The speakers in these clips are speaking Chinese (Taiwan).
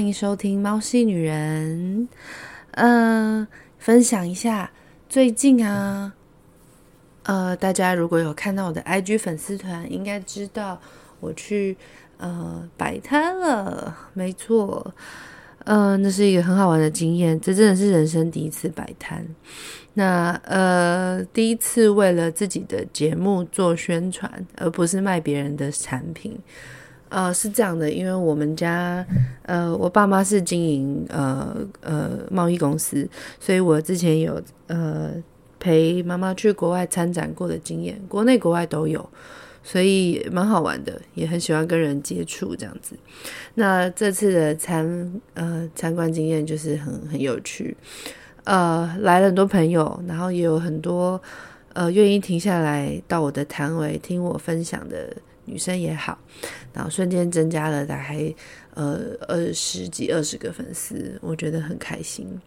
歡迎收聽《貓系女人》呃。嗯，分享一下最近啊，呃，大家如果有看到我的 IG 粉絲團，應該知道我去呃擺攤了。沒錯，嗯、呃，那是一個很好玩的經驗，這真的是人生第一次擺攤。那呃，第一次為了自己的節目做宣傳，而不是賣別人的產品。呃，是這樣的，因為我們家呃，我爸媽是經營呃呃貿易公司，所以我之前有呃陪媽媽去國外參展過的經驗，國內國外都有，所以蠻好玩的，也很喜歡跟人接觸這樣子。那這次的參呃參觀經驗就是很很有趣，呃來了很多朋友，然後也有很多呃願意停下來到我的攤位聽我分享的。女生也好，然後瞬間增加了大概呃二十幾二十個粉絲，我覺得很開心。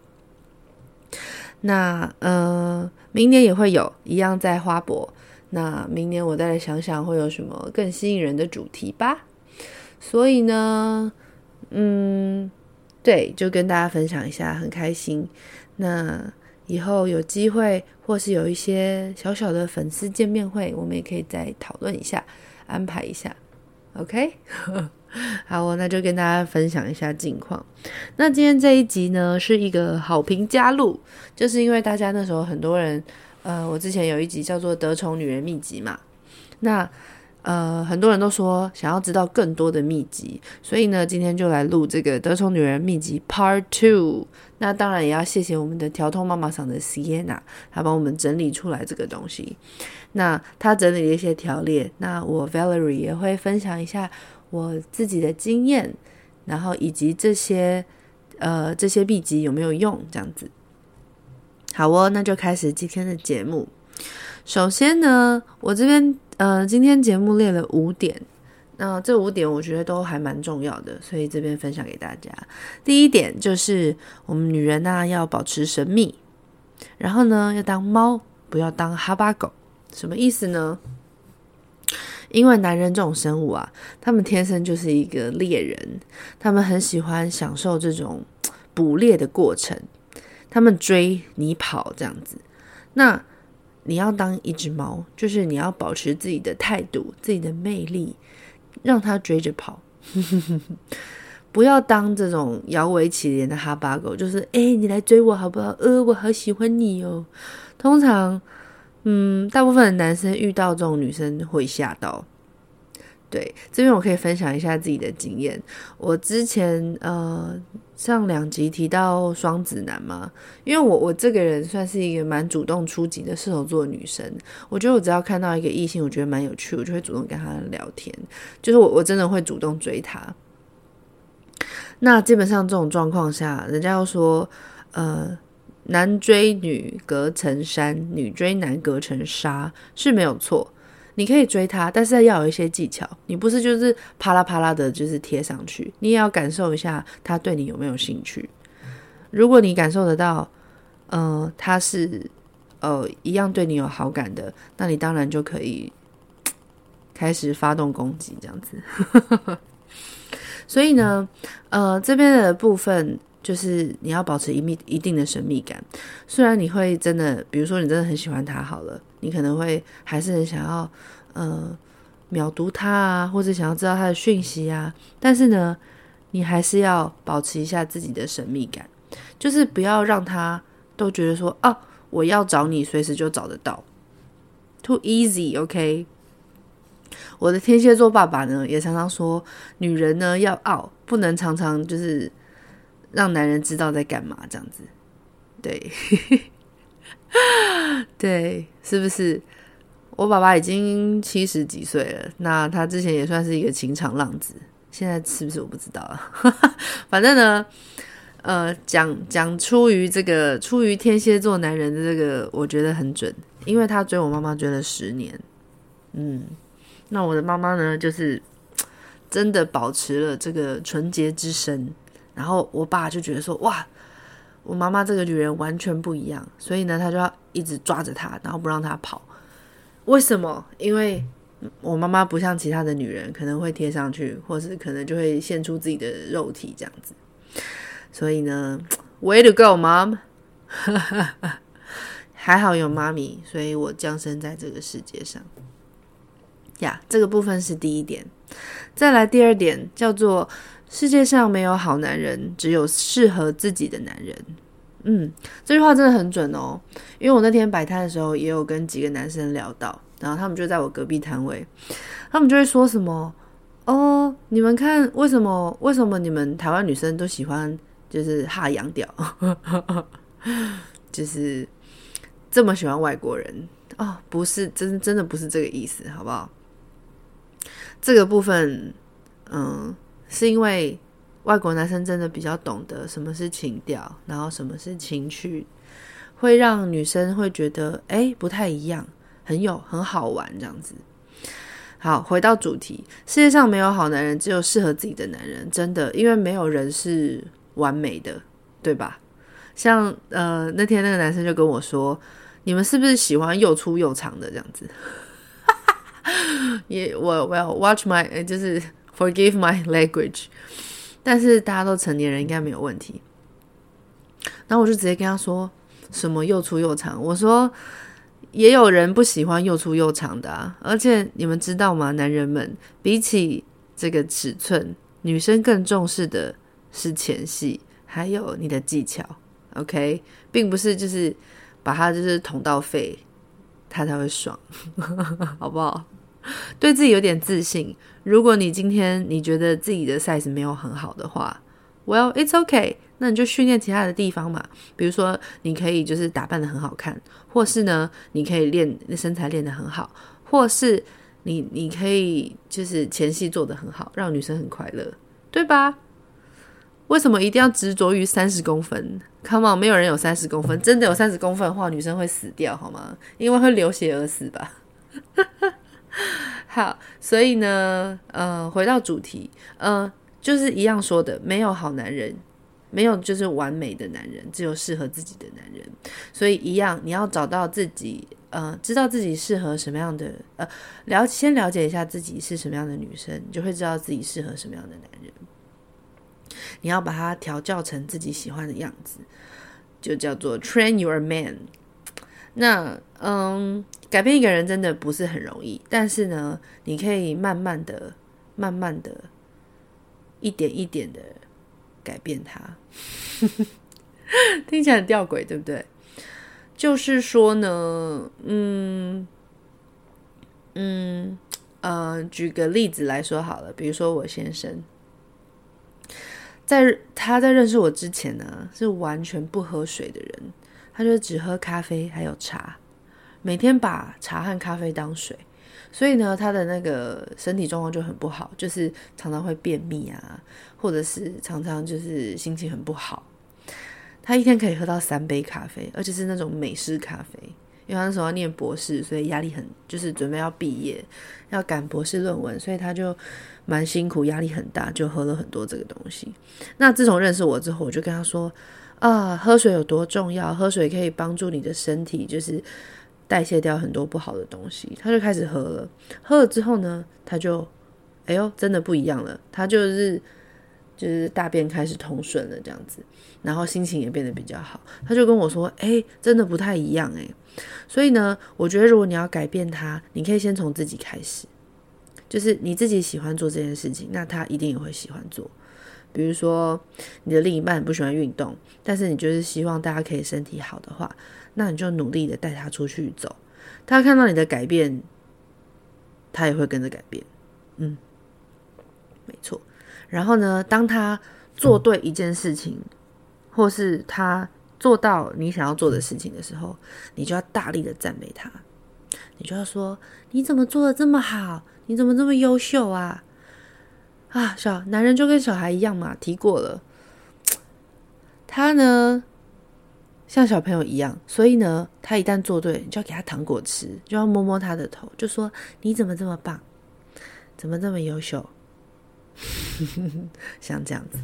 那呃，明年也會有，一樣在花博。那明年我再來想想會有什麼更吸引人的主題吧。所以呢，嗯，對，就跟大家分享一下，很開心。那以後有機會或是有一些小小的粉絲見面會，我們也可以再討論一下。安排一下，OK， 好、哦，那就跟大家分享一下近況。那今天這一集呢，是一個好評加錄，就是因為大家那時候很多人，呃，我之前有一集叫做《得寵女人秘籍》嘛，那呃，很多人都說想要知道更多的秘籍，所以呢，今天就來錄這個《得寵女人秘籍》Part Two。那當然也要謝謝我們的調通媽媽上的 Sienna，她幫我們整理出來這個東西。那他整理了一些條列，那我 Valerie 也會分享一下我自己的經驗，然後以及這些呃這些秘笈有沒有用，這樣子。好哦，那就開始今天的節目。首先呢，我這邊呃今天節目列了五點，那這五點我覺得都還蠻重要的，所以這邊分享給大家。第一點就是我們女人呢、啊、要保持神秘，然後呢要當貓，不要當哈巴狗。什麼意思呢？因為男人這種生物啊，他們天生就是一個獵人，他們很喜歡享受這種捕獵的過程，他們追你跑這樣子。那你要當一隻貓，就是你要保持自己的態度、自己的魅力，讓他追着跑， 不要當這種搖尾乞憐的哈巴狗，就是哎、欸，你來追我好不好？呃，我好喜歡你哦。通常。嗯，大部分的男生遇到這種女生會嚇到。對，這邊我可以分享一下自己的經驗。我之前呃上兩集提到雙子男嘛，因為我我這個人算是一個蠻主動出擊的射手座女生。我覺得我只要看到一個異性，我覺得蠻有趣，我就會主動跟他聊天。就是我我真的會主動追他。那基本上這種狀況下，人家要說呃。男追女隔層山，女追男隔層紗是沒有錯。你可以追他，但是要有一些技巧。你不是就是啪啦啪啦的，就是貼上去。你也要感受一下他對你有沒有興趣。如果你感受得到，嗯、呃，他是呃一樣對你有好感的，那你當然就可以開始發動攻擊，這樣子。 所以呢，呃，這邊的部分。就是你要保持一密一定的神秘感，雖然你會真的，比如說你真的很喜歡他好了，你可能會還是很想要，呃，秒讀他啊，或者想要知道他的訊息啊，但是呢，你還是要保持一下自己的神秘感，就是不要讓他都覺得說啊，我要找你，隨時就找得到，too easy，OK？我的天蠍座爸爸呢，也常常說，女人呢要傲，不能常常就是。讓男人知道在幹嘛，這樣子，對， 對，是不是？我爸爸已經七十幾歲了，那他之前也算是一個情場浪子，現在是不是我不知道了啊。 反正呢，呃，講講出於這個，出於天蠍座男人的這個，我覺得很準，因為他追我媽媽追了十年。嗯，那我的媽媽呢，就是真的保持了這個純潔之身。然後我爸就覺得說：“哇，我媽媽這個女人完全不一樣。”所以呢，他就要一直抓着她，然後不讓她跑。為什麼？因為我媽媽不像其他的女人，可能會貼上去，或是可能就會獻出自己的肉體這樣子。所以呢，Way to go, Mom！ 還好有媽咪，所以我降生在這個世界上。呀、yeah，這個部分是第一點。再來第二點叫做。世界上沒有好男人，只有適合自己的男人。嗯，這句話真的很準哦。因為我那天擺攤的時候，也有跟幾個男生聊到，然後他們就在我隔壁攤位，他們就會說什麼：“哦，你們看，為什麼？為什麼你們台灣女生都喜歡就是哈洋屌， 就是這麼喜歡外國人？”哦，不是，真真的不是這個意思，好不好？這個部分，嗯。是因為外國男生真的比較懂得什麼是情調，然後什麼是情趣，會讓女生會覺得哎，不太一樣，很有很好玩這樣子。好，回到主題，世界上沒有好男人，只有適合自己的男人，真的，因為沒有人是完美的，對吧？像呃那天那個男生就跟我說，你們是不是喜歡又粗又長的這樣子？也我我要 watch my 就是。Forgive my language，但是大家都成年人，應該沒有問題。那我就直接跟他說：“什麼又粗又長？”我說：“也有人不喜歡又粗又長的啊。”而且你們知道嗎？男人們比起這個尺寸，女生更重視的是前戲，還有你的技巧。OK，並不是就是把它就是捅到肺，他才會爽， 好不好？對自己有點自信。如果你今天你覺得自己的 size 沒有很好的話，Well, it's okay。那你就訓練其他的地方嘛。比如說，你可以就是打扮得很好看，或是呢，你可以練身材練得很好，或是你你可以就是前戲做得很好，讓女生很快樂，對吧？為什麼一定要執着於三十公分？Come on，沒有人有三十公分。真的有三十公分的話，女生會死掉好嗎？因為會流血而死吧。 好，所以呢，呃，回到主題，呃，就是一樣說的，沒有好男人，沒有就是完美的男人，只有適合自己的男人。所以一樣，你要找到自己，呃，知道自己適合什麼樣的，呃，了，先了解一下自己是什麼樣的女生，你就會知道自己適合什麼樣的男人。你要把他調教成自己喜歡的樣子，就叫做 train your man。那嗯，改變一個人真的不是很容易，但是呢，你可以慢慢的、慢慢的、一點一點的改變他。 聽起來很吊詭，對不對？就是說呢，嗯嗯呃，舉個例子來說好了，比如說我先生，在他在認識我之前呢，是完全不喝水的人。他就只喝咖啡，還有茶，每天把茶和咖啡當水，所以呢，他的那個身體狀況就很不好，就是常常會便秘啊，或者是常常就是心情很不好。他一天可以喝到三杯咖啡，而且是那種美式咖啡，因為他那時候要念博士，所以壓力很，就是準備要畢業，要趕博士論文，所以他就蠻辛苦，壓力很大，就喝了很多這個東西。那自從認識我之後，我就跟他說。啊，喝水有多重要？喝水可以幫助你的身體，就是代謝掉很多不好的東西。他就開始喝了，喝了之後呢，他就，哎呦，真的不一樣了。他就是，就是大便開始通順了，這樣子，然後心情也變得比較好。他就跟我說，哎，真的不太一樣哎。所以呢，我覺得如果你要改變他，你可以先從自己開始，就是你自己喜歡做這件事情，那他一定也會喜歡做。比如說，你的另一半不喜歡運動，但是你就是希望大家可以身體好的話，那你就努力的帶他出去走。他看到你的改變，他也會跟着改變。嗯，沒錯。然後呢，當他做對一件事情，嗯、或是他做到你想要做的事情的時候，你就要大力的讚美他。你就要說：“你怎麼做得這麼好？你怎麼這麼優秀啊？”啊，小男人就跟小孩一樣嘛，提過了，他呢，像小朋友一樣，所以呢，他一旦做對，就要給他糖果吃，就要摸摸他的頭，就說，你怎麼這麼棒？怎麼這麼優秀， 像這樣子。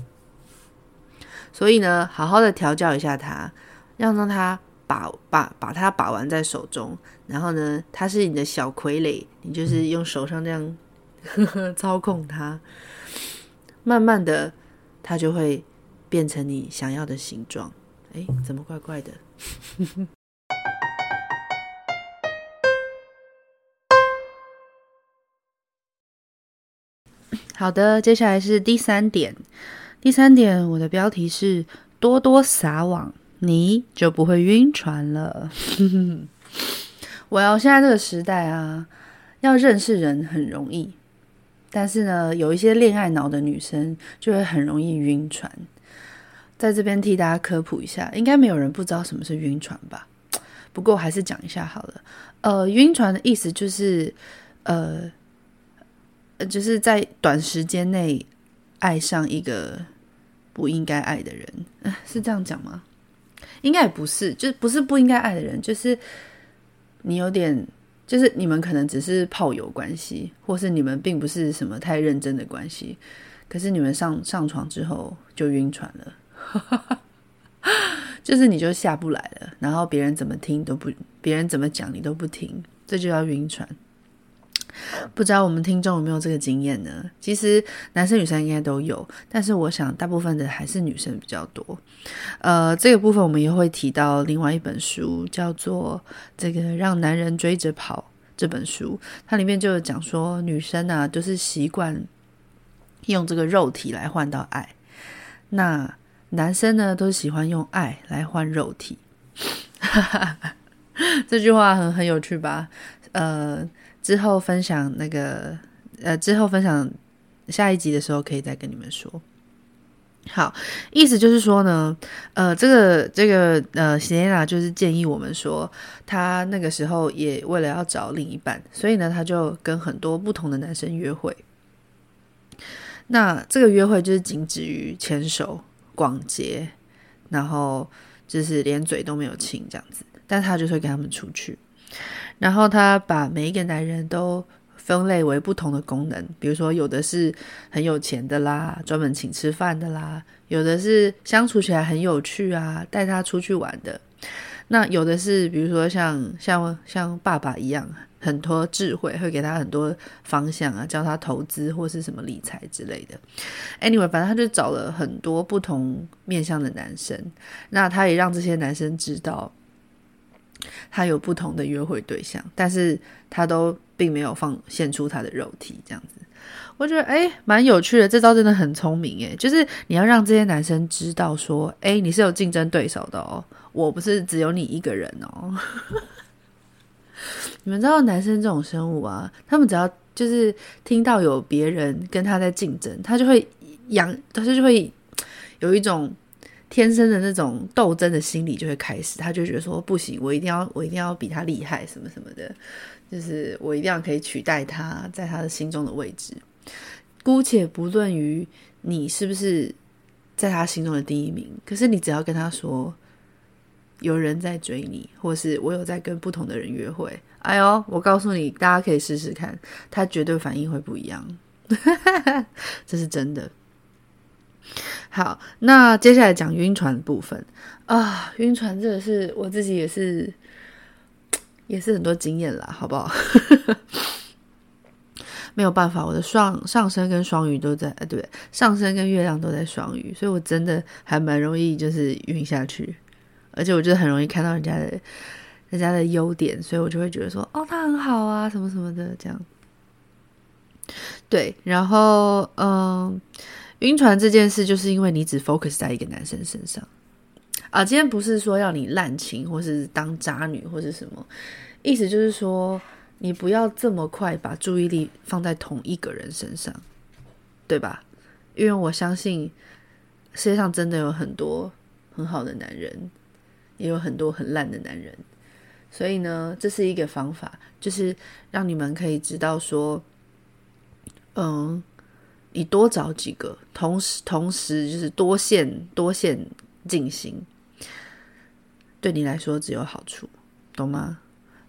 所以呢，好好的調教一下他，要讓他把把把他把玩在手中，然後呢，他是你的小傀儡，你就是用手上這樣。 操控它，慢慢的，它就會變成你想要的形狀。哎，怎麼怪怪的？ 好的，接下來是第三點。第三點，我的標題是“多多撒網，你就不會暈船了”。我要現在這個時代啊，要認識人很容易。但是呢，有一些戀愛腦的女生就會很容易暈船。在這邊替大家科普一下，應該沒有人不知道什麼是暈船吧？不過還是講一下好了。呃，暈船的意思就是，呃，就是在短時間內愛上一個不應該愛的人，呃、是這樣講嗎？應該也不是，就不是不應該愛的人，就是你有點。就是你們可能只是炮友關係，或是你們並不是什麼太認真的關係，可是你們上上床之後就暈船了， 就是你就下不來了，然後別人怎麼聽都不，別人怎麼講你都不聽，這就叫暈船。不知道我們聽眾有沒有這個經驗呢？其實男生女生應該都有，但是我想大部分的還是女生比較多。呃，這個部分我們也會提到另外一本書，叫做《這個讓男人追着跑》這本書，它裡面就有講說女生呢都是習慣用這個肉體來換到愛，那男生呢都喜歡用愛來換肉體。 這句話很很有趣吧？呃。之後分享那個呃，之後分享下一集的時候可以再跟你們說。好，意思就是說呢，呃，這個這個呃，席耶娜就是建議我們說，她那個時候也為了要找另一半，所以呢，她就跟很多不同的男生約會。那這個約會就是僅止於牽手、逛街，然後就是連嘴都沒有親這樣子，但她就會跟他們出去。然後他把每一個男人都分類為不同的功能，比如說有的是很有錢的啦，專門請吃飯的啦；有的是相處起來很有趣啊，帶他出去玩的；那有的是比如說像像像爸爸一樣，很多智慧會給他很多方向啊，教他投資或是什麼理財之類的。Anyway，反正他就找了很多不同面向的男生，那他也讓這些男生知道。他有不同的約會對象，但是他都並沒有放現出他的肉體這樣子，我覺得誒，蠻、欸、有趣的，這招真的很聰明誒，就是你要讓這些男生知道說，誒、欸，你是有競爭對手的哦，我不是只有你一個人哦。 你們知道男生這種生物啊，他們只要就是聽到有別人跟他在競爭，他就會養，他就就會有一種。天生的那種鬥爭的心理就會開始，他就覺得說不行，我一定要，我一定要比他厲害什麼什麼的，就是我一定要可以取代他在他的心中的位置。姑且不論於你是不是在他心中的第一名，可是你只要跟他說有人在追你，或者是我有在跟不同的人約會，哎呦，我告訴你，大家可以試試看，他絕對反應會不一樣， 這是真的。好，那接下來講暈船的部分啊，暈船這個是我自己也是，也是很多經驗啦，好不好？ 沒有辦法，我的雙上升跟雙魚都在，對不對？上升跟月亮都在雙魚，所以我真的還蠻容易就是暈下去，而且我覺得很容易看到人家的，人家的優點，所以我就會覺得說，哦，他很好啊，什麼什麼的這樣。對，然後嗯。暈船這件事，就是因為你只 focus 在一個男生身上啊。今天不是說要你濫情，或是當渣女，或是什麼，意思就是說，你不要這麼快把注意力放在同一個人身上，對吧？因為我相信世界上真的有很多很好的男人，也有很多很爛的男人，所以呢，這是一個方法，就是讓你們可以知道說，嗯。你多找幾個，同時同時就是多線多線進行，對你來說只有好處，懂嗎？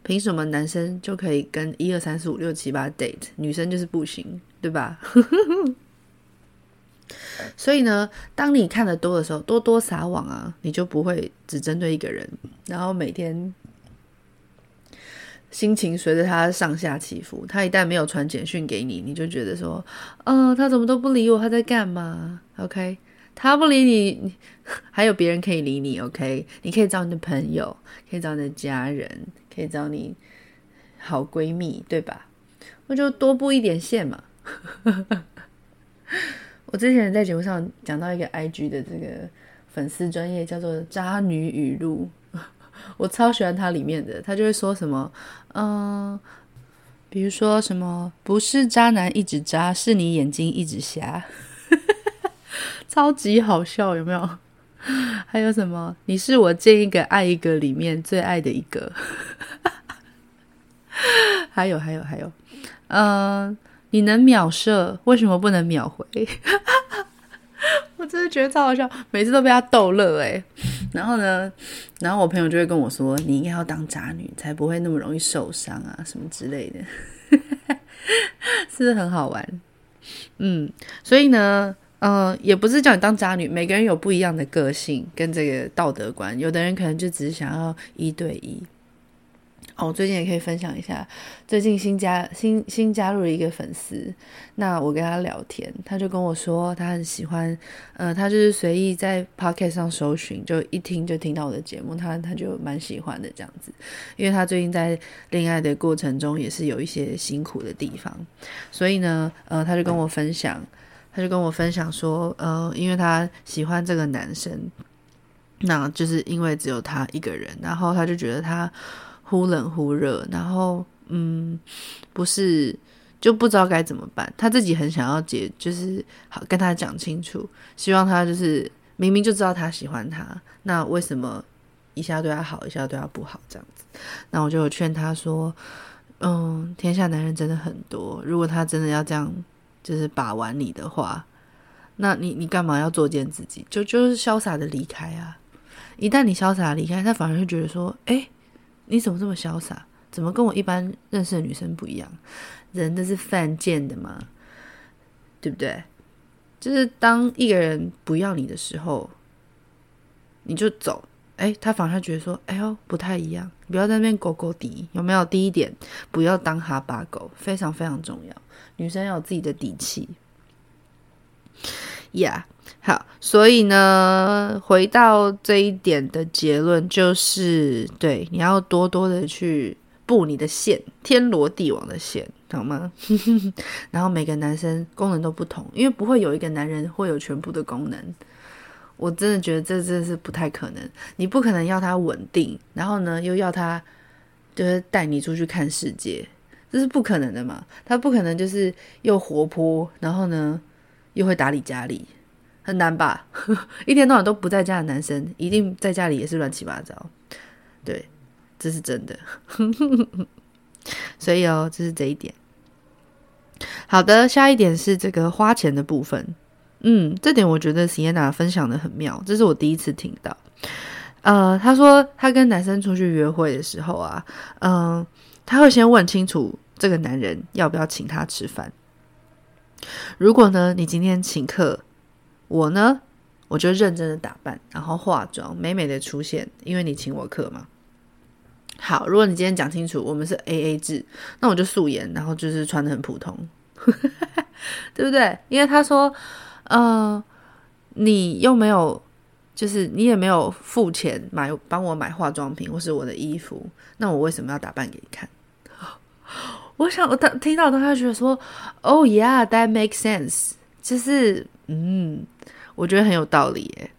憑什麼男生就可以跟一二三四五六七八 date，女生就是不行，對吧？ 所以呢，當你看得多的時候，多多撒網啊，你就不會只針對一個人，然後每天。心情隨着他上下起伏。他一旦沒有傳簡訊給你，你就覺得說，嗯、呃，他怎麼都不理我，他在干嘛？OK，他不理你，還有別人可以理你。OK，你可以找你的朋友，可以找你的家人，可以找你好閨蜜，對吧？我就多布一點線嘛。 我之前在節目上講到一個 IG 的這個粉絲專頁，叫做“渣女語錄”。我超喜歡他裡面的，他就會說什麼，嗯，比如說什麼，不是渣男一直渣，是你眼睛一直瞎， 超級好笑，有沒有？還有什麼？你是我見一個愛一個裡面最愛的一個， 還有還有還有，嗯，你能秒射，為什麼不能秒回？ 我真的覺得超好笑，每次都被他逗樂誒。然後呢，然後我朋友就會跟我說：“你應該要當渣女，才不會那麼容易受傷啊，什麼之類的， 是的很好玩。”嗯，所以呢，嗯、呃，也不是叫你當渣女，每個人有不一樣的個性跟這個道德觀，有的人可能就只是想要一對一。哦，我最近也可以分享一下，最近新加新新加入了一個粉絲，那我跟他聊天，他就跟我說他很喜歡，呃，他就是隨意在 Podcast 上搜尋，就一聽就聽到我的節目，他他就蠻喜歡的這樣子，因為他最近在戀愛的過程中也是有一些辛苦的地方，所以呢，呃，他就跟我分享，嗯、他就跟我分享說，呃，因為他喜歡這個男生，那就是因為只有他一個人，然後他就覺得他。忽冷忽熱，然後嗯，不是就不知道該怎麼辦。他自己很想要解，就是好跟他講清楚，希望他就是明明就知道他喜歡他，那為什麼一下對他好，一下對他不好這樣子？那我就勸他說：“嗯，天下男人真的很多，如果他真的要這樣就是把玩你的話，那你你幹嘛要作賤自己？就就是瀟灑的離開啊！一旦你瀟灑離開，他反而會覺得說，哎、欸。”你怎麼這麼瀟灑？怎麼跟我一般認識的女生不一樣？人都是犯賤的嘛，對不對？就是當一個人不要你的時候，你就走。哎，他反而覺得說，哎呦，不太一樣。不要在那邊狗狗的，有沒有？第一點，不要當哈巴狗，非常非常重要。女生要有自己的底氣。呀，yeah, 好，所以呢，回到這一點的結論就是，對，你要多多的去布你的線，天羅地網的線，好嗎？ 然後每個男生功能都不同，因為不會有一個男人會有全部的功能，我真的覺得這真的是不太可能。你不可能要他穩定，然後呢，又要他就是帶你出去看世界，這是不可能的嘛。他不可能就是又活潑，然後呢，又會打理家裡，很難吧？ 一天到晚都不在家的男生，一定在家裡也是亂七八糟。對，這是真的。 所以哦，這是這一點。好的，下一點是這個花錢的部分。嗯，這點我覺得 Sienna 分享得很妙，這是我第一次聽到。呃，她說她跟男生出去約會的時候啊，嗯、呃，她會先問清楚這個男人要不要請她吃飯。如果呢，你今天請客，我呢，我就認真的打扮，然後化妝，美美的出現，因為你請我客嘛。好，如果你今天講清楚，我們是 AA 制，那我就素顏，然後就是穿得很普通， 對不對？因為他說，嗯、呃，你又沒有，就是你也沒有付錢買幫我買化妝品或是我的衣服，那我為什麼要打扮給你看？我想，我當聽到當他覺得說，Oh yeah, that makes sense，就是嗯，我覺得很有道理耶。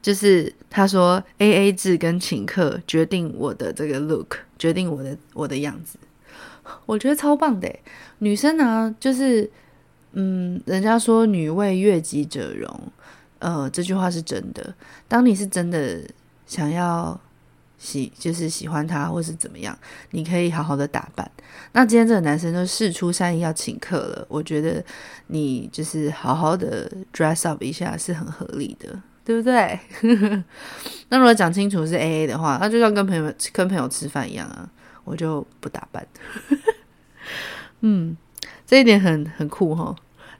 就是他說 AA 制跟請客決定我的這個 look，決定我的我的樣子，我覺得超棒的。女生呢、啊，就是嗯，人家說女為悅己者容，呃，這句話是真的。當你是真的想要。喜就是喜歡他，或是怎麼樣？你可以好好的打扮。那今天這個男生就事出善意要請客了，我覺得你就是好好的 dress up 一下是很合理的，對不對？ 那如果講清楚是 A A 的話，那就像跟朋友跟朋友吃飯一樣啊，我就不打扮。 嗯，這一點很很酷吼，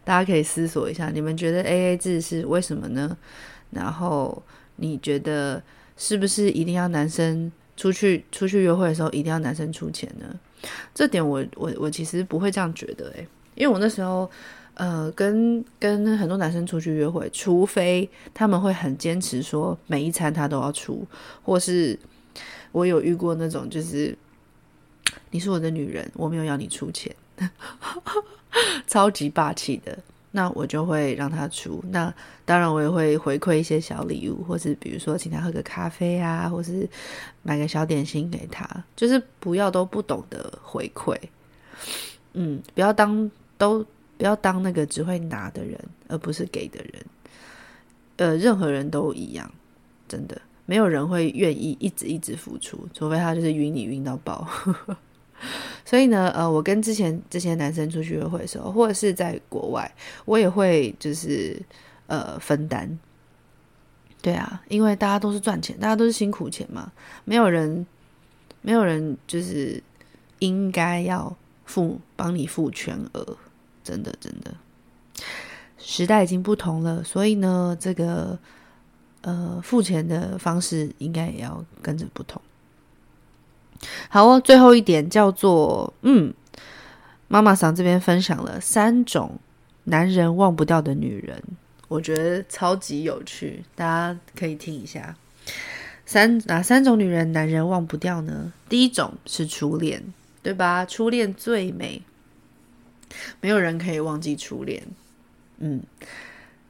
大家可以思索一下，你們覺得 A A 制是為什麼呢？然後你覺得？是不是一定要男生出去出去約會的時候一定要男生出錢呢？這點我我我其實不會這樣覺得欸，因為我那時候呃跟跟很多男生出去約會，除非他們會很堅持說每一餐他都要出，或是我有遇過那種就是你是我的女人，我沒有要你出錢， 超級霸氣的。那我就會讓他出，那當然我也會回饋一些小禮物，或是比如說請他喝個咖啡啊，或是買個小點心給他，就是不要都不懂得回饋，嗯，不要當都不要當那個只會拿的人，而不是給的人，呃，任何人都一樣，真的，沒有人會願意一直一直付出，除非他就是暈你暈到爆。 所以呢，呃，我跟之前之前男生出去約會的時候，或者是在國外，我也會就是呃分擔。對啊，因為大家都是賺錢，大家都是辛苦錢嘛，沒有人沒有人就是應該要付幫你付全額，真的真的。時代已經不同了，所以呢，這個呃付錢的方式應該也要跟着不同。好哦，最後一點叫做，嗯，媽媽桑這邊分享了三種男人忘不掉的女人，我覺得超級有趣，大家可以聽一下。三，哪、啊、三種女人男人忘不掉呢？第一種是初戀，對吧？初戀最美，沒有人可以忘記初戀。嗯，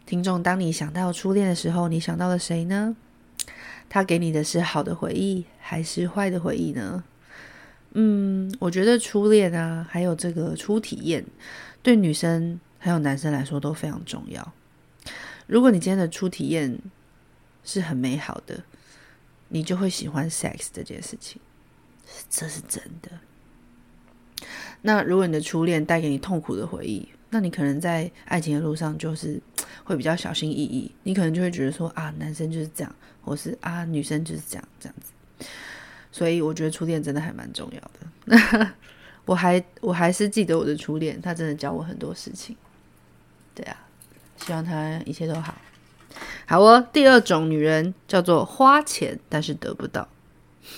聽眾，當你想到初戀的時候，你想到了誰呢？他給你的是好的回憶還是壞的回憶呢？嗯，我覺得初戀啊，還有這個初體驗，對女生還有男生來說都非常重要。如果你今天的初體驗是很美好的，你就會喜歡 sex 這件事情，這是真的。那如果你的初戀帶給你痛苦的回憶，那你可能在愛情的路上就是會比較小心翼翼，你可能就會覺得說啊，男生就是這樣。我是啊，女生就是這樣，這樣子，所以我覺得初戀真的還蠻重要的。 我還我還是記得我的初戀，他真的教我很多事情。對啊，希望他一切都好。好哦，第二種女人叫做花錢，但是得不到，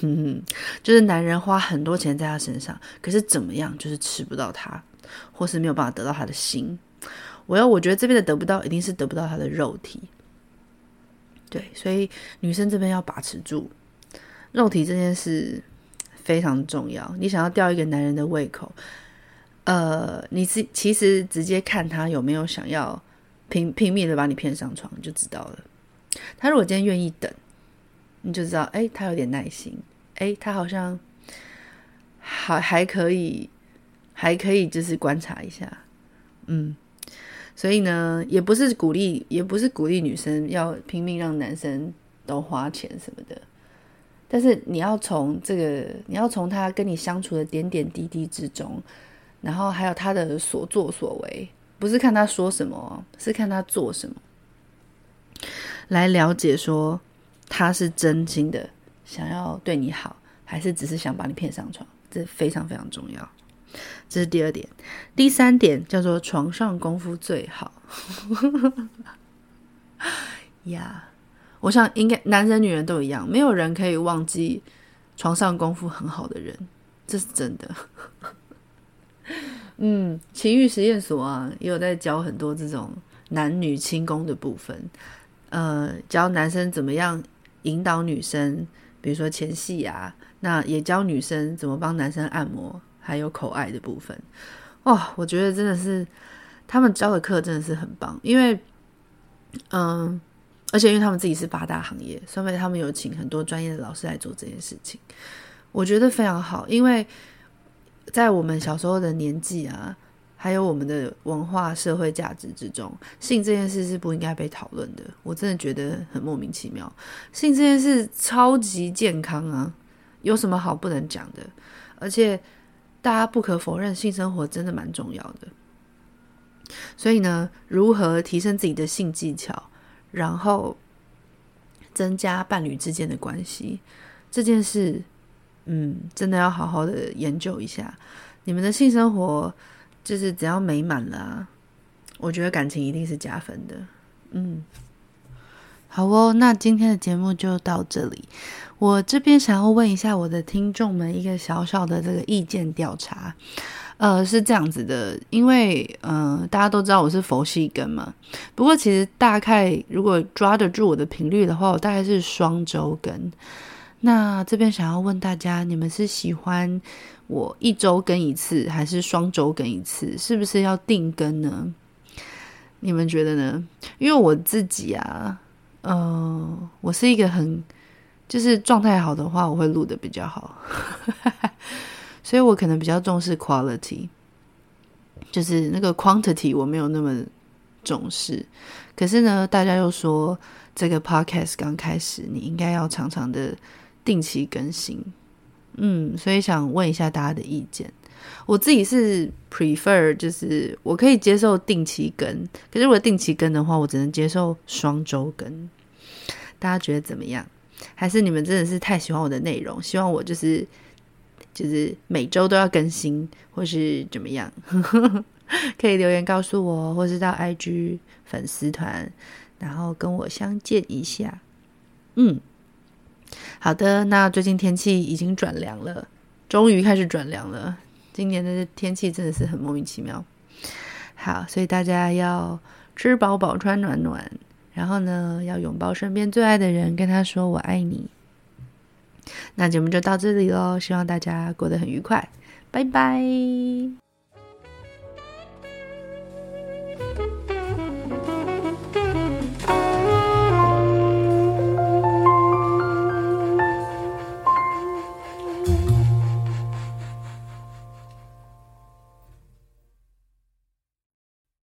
就是男人花很多錢在他身上，可是怎麼樣，就是吃不到他，或是沒有辦法得到他的心。我要我覺得這邊的得不到，一定是得不到他的肉體。對，所以女生這邊要把持住，肉體這件事非常重要。你想要吊一個男人的胃口，呃，你是其實直接看他有沒有想要拼拼命的把你騙上床你就知道了。他如果今天願意等，你就知道，哎，他有點耐心，哎，他好像還還可以，還可以，就是觀察一下，嗯。所以呢，也不是鼓勵，也不是鼓勵女生要拼命讓男生都花錢什麼的。但是你要從這個，你要從他跟你相處的點點滴滴之中，然後還有他的所作所為，不是看他說什麼，是看他做什麼，來了解說他是真心的，想要對你好，還是只是想把你騙上床，這非常非常重要。這是第二點，第三點叫做床上功夫最好。呀、 yeah.，我想應該男人女人都一樣，沒有人可以忘記床上功夫很好的人，這是真的。 嗯，情欲實驗所啊，也有在教很多這種男女輕功的部分，呃，教男生怎麼樣引導女生，比如說前戲啊，那也教女生怎麼幫男生按摩，還有口愛的部分，哦，我覺得真的是他們教的課真的是很棒，因為，嗯，而且因為他們自己是八大行業，所以他們有請很多專業的老師來做這件事情，我覺得非常好。因為在我們小時候的年紀啊，還有我們的文化社會價值之中，性這件事是不應該被討論的。我真的覺得很莫名其妙，性這件事超級健康啊，有什麼好不能講的？而且。大家不可否認，性生活真的蠻重要的。所以呢，如何提升自己的性技巧，然後增加伴侶之間的關係，這件事，嗯，真的要好好的研究一下。你們的性生活就是只要美滿了啊，我覺得感情一定是加分的。嗯。好哦，那今天的節目就到這裡。我這邊想要問一下我的聽眾們一個小小的這個意見調查，呃，是這樣子的，因為嗯、呃，大家都知道我是佛系更嘛，不過其實大概如果抓得住我的頻率的話，我大概是雙周更。那這邊想要問大家，你們是喜歡我一周更一次，還是雙周更一次？是不是要定更呢？你們覺得呢？因為我自己啊。嗯、呃，我是一個很，就是狀態好的話，我會錄的比較好， 所以我可能比較重視 quality，就是那個 quantity 我沒有那麼重視。可是呢，大家又說這個 podcast 剛開始，你應該要常常的定期更新，嗯，所以想問一下大家的意見。我自己是 prefer，就是我可以接受定期更，可是如果定期更的話，我只能接受雙週更。大家覺得怎麼樣？還是你們真的是太喜歡我的內容，希望我就是就是每周都要更新，或是怎麼樣？ 可以留言告訴我，或是到 IG 粉絲團，然後跟我相見一下。嗯，好的。那最近天氣已經轉涼了，終於開始轉涼了。今年的天氣真的是很莫名其妙，好，所以大家要吃飽飽、穿暖暖，然後呢，要擁抱身邊最愛的人，跟他說“我愛你”。那節目就到這裡嘍，希望大家過得很愉快，拜拜。